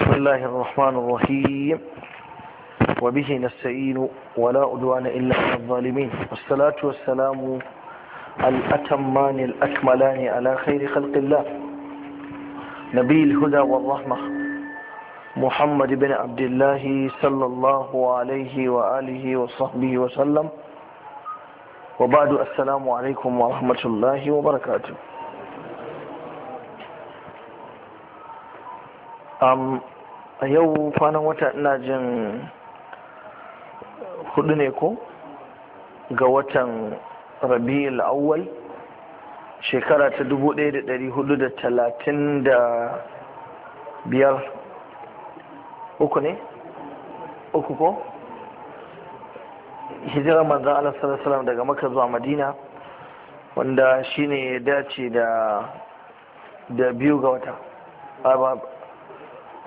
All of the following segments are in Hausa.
بسم الله الرحمن الرحيم وبه نستعين ولا أدوان إلا على الظالمين والصلاة والسلام الأتمان الأكملان على خير خلق الله نبي الهدى والرحمة محمد بن عبد الله صلى الله عليه وآله وصحبه وسلم وبعد السلام عليكم ورحمة الله وبركاته a yau kwanan wata ina jin hudu ne ko ga watan rabi'ul awwal shekara ta 1435 uku ne uku ko hijirar manzan Allah salasalam daga maka zuwa madina wanda shine ya dace da biyu ga wata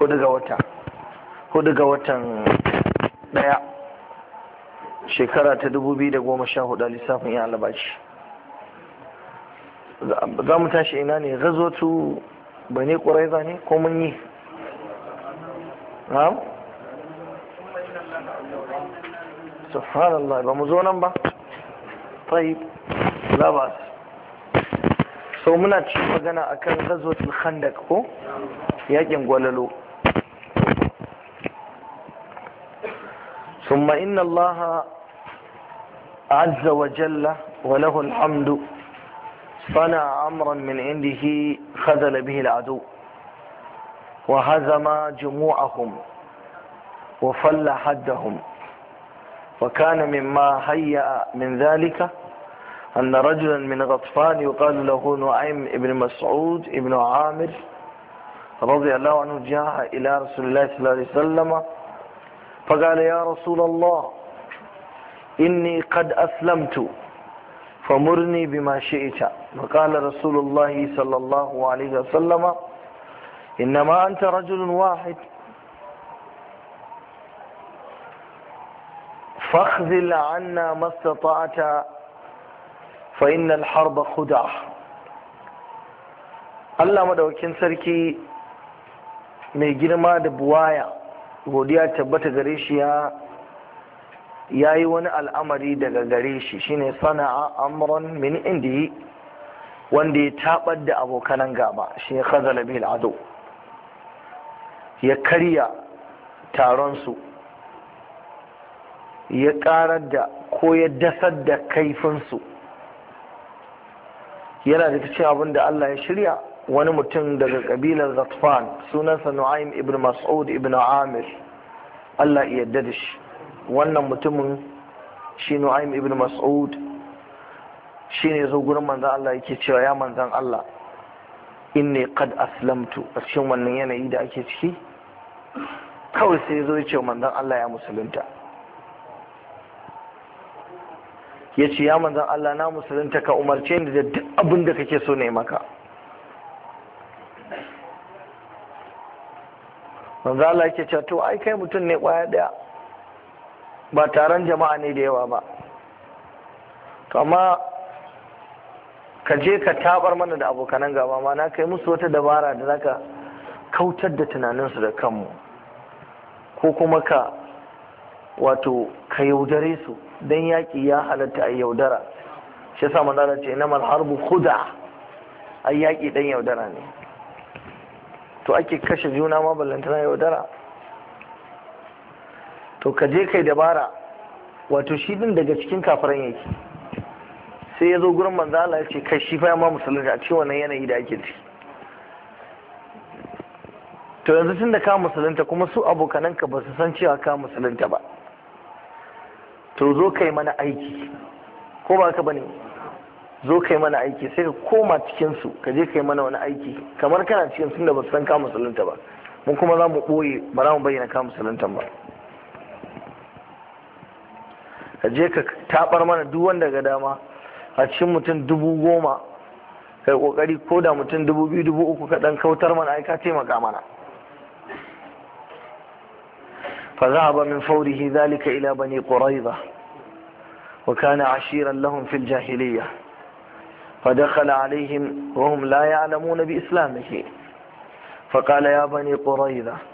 hudu ga wata hudu ga watan daya shekara ta dubu biyu da goma sha hudu lissafin ya albashi za mu tashi ina ne gazotu ba ne za ne ko mun yi na'am subhanallah ba mu zo nan ba tsayi labas Sau muna ci magana akan gazotul khandaq ko yakin gwalalo ثم إن الله عز وجل وله الحمد صنع أمرا من عنده خذل به العدو وهزم جموعهم وفل حدهم وكان مما هيأ من ذلك أن رجلا من غطفان يقال له نعيم بن مسعود بن عامر رضي الله عنه جاء إلى رسول الله صلى الله عليه وسلم فقال يا رسول الله إني قد أسلمت فمرني بما شئت فقال رسول الله صلى الله عليه وسلم إنما أنت رجل واحد فاخذل عنا ما استطعت فإن الحرب خدع الله madaukin sarki mai girma دبوايا godiya tabbata gare shi ya ya yi wani al'amari daga gare shi shine sana'a amran min indi wanda ya tabar da abokanan gaba shi ne khazala bil ado ya karya taron su ya karar da ko ya dasar da kaifinsu. yana da cikin abin da Allah ya shirya wani mutum daga kabilar zatfan sunansa nu'aym ibn mas'ud ibn amir Allah iya yarda shi wannan mutumin shi nu'aim ibn mas'ud shi ne zo gurin manzan Allah yake cewa ya manzan Allah inni qad aslamtu a cikin wannan yanayi da ake ciki kawai sai zo ya ce manzan Allah ya musulunta ya ce ya manzan Allah na musulunta ka umarce ni da duk abin da kake so ne maka manzo Allah yake cewa to ai kai mutum ne kwaya daya ba taron jama'a ne da yawa ba Kama ka je ka taɓar mana da abokanan gaba ma na kai musu wata dabara da zaka kautar da tunaninsu da kanmu ko kuma ka wato ka yaudare su don yaƙi ya halatta a yaudara shi yasa manzo Allah ce innamal harbu khuda ai yaƙi dan yaudara ne to ake kashe juna ma ballantana yaudara to ka je kai dabara wato shi din daga cikin kafaran yake sai ya zo gurin Manzala ya ce kai shi fa ma musulunci a cewa wannan yanayi da ake ciki to yanzu tun da ka musulunta kuma su abokananka ba su san cewa ka musulunta ba to zo kai mana aiki ko ba ka bane zo kai mana aiki sai ka koma cikin su ka je kai mana wani aiki kamar kana cikin sun da ba san ka musulunta ba mun kuma za mu ɓoye ba za mu bayyana ka musulunta ba ka je ka taɓar mana duk wanda ga dama a cikin mutum dubu goma kai kokari ko da mutum dubu biyu dubu uku ka dan kautar mana ai ka taimaka mana fa zahaba min fawrihi zalika ila bani quraiza wa kana ashiran lahum fil jahiliyya فدخل عليهم وهم لا يعلمون بإسلامه فقال يا بني قريظة